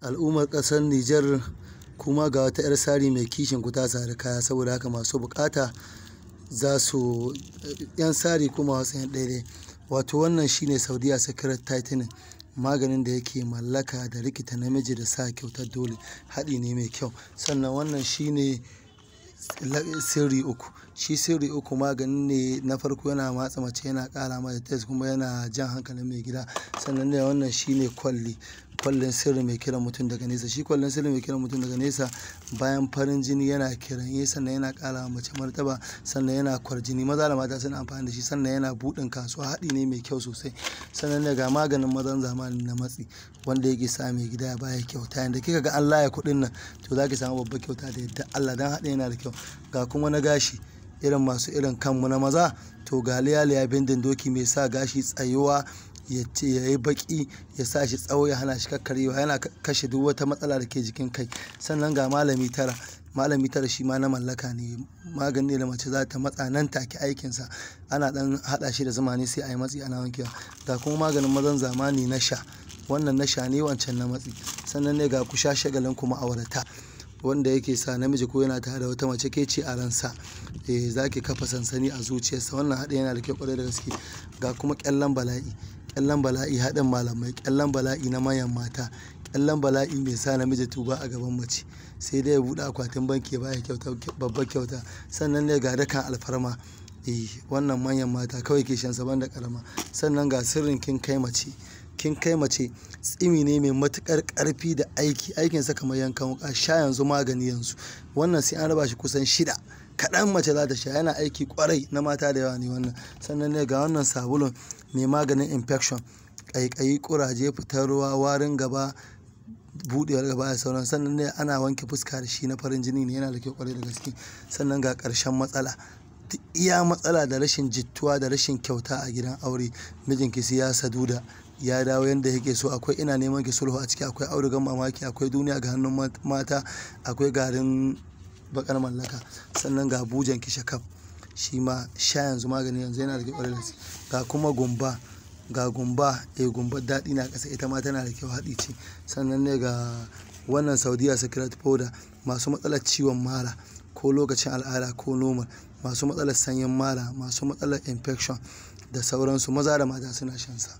al'ummar kasar Nijar kuma ga wata 'yar sari mai kishin ku ta sari kaya saboda haka masu bukata za su yan sari kuma wasu yan daidai wato wannan shine saudiya secret titanium maganin da yake mallaka da rikita namiji da sa kyautar dole haɗi ne mai kyau sannan wannan shine sirri uku shi sirri uku maganin ne na farko yana matsa mace yana ƙara mata test kuma yana jan hankalin mai gida sannan da wannan shine kwalli kwallon sirri mai kiran mutum daga nesa shi kwallon sirri mai kiran mutum daga nesa bayan farin jini yana kiran yi eh, sannan yana kara mace martaba sannan yana jini maza da mata suna amfani da shi sannan yana buɗin kasuwa haɗi ne mai kyau sosai sannan daga maganin mazan zamani na matsi wanda yake sa mai gida ya baya kyauta yadda kika ga Allah ya kuɗin nan to zaki samu babbar kyauta da yadda Allah dan haɗin yana da kyau ga kuma na gashi irin masu irin kanmu na maza to ga liyaliya bindin doki mai sa gashi tsayuwa ya ce ya yi baki ya sa shi tsawo ya hana shi kakkarewa yana kashe duk wata matsala da ke jikin kai sannan ga malami tara malami tara shi ma na mallaka ne magani da mace za ta matsa nan take aikinsa ana dan hada shi da zama ne sai a yi matsi ana wankewa ga kuma maganin mazan zamani na sha wannan na sha ne wancan na matsi sannan ne ga ku sha shagalin kuma aurata wanda yake sa namiji ko yana tare da wata mace ke ce a ransa e eh, zaki kafa sansani a zuciyarsa wannan haɗe yana da kyau kwarai da gaske ga kuma kyallan bala'i kyallan bala'i haɗin malamai kyallan bala'i na manyan mata kyallan bala'i mai sa namiji tuba a gaban mace sai dai ya buɗe akwatin banki ba ya kyauta babbar kyauta sannan ne ga dakan alfarma eh wannan manyan mata kawai ke shan saban da ƙarama sannan ga sirrin kin kai mace kin kai mace tsimi ne mai matukar karfi da aiki aikin sa kamar yankan wuka sha yanzu magani yanzu wannan sai an raba shi kusan shida kaɗan mace za ta sha yana aiki kwarai na mata da yawa ne wannan sannan ne ga wannan sabulun mai maganin infection kaikayi kuraje fitar ruwa warin gaba buɗewar gaba da sauran sannan ne ana wanke fuska da shi na farin jini ne yana da kyau kwarai da gaske sannan ga ƙarshen matsala iya matsala da rashin jittuwa da rashin kyauta a gidan aure mijinki siyasa duda ya dawo yadda yake so akwai ina neman ki sulhu a ciki akwai audugan mamaki akwai duniya ga hannun mata akwai garin bakar mallaka sannan ga bujan ki shakaf shi ma sha yanzu magani yanzu yana da kyau ga kuma gumba ga gumba e eh gumbar daɗi na ƙasa ita ma tana da kyau haɗi ce sannan ne ga wannan saudiya secret powder masu matsalar ciwon mara ko lokacin al'ada ko normal masu matsalar sanyin mara masu matsalar infection da sauransu maza da mata suna shan sa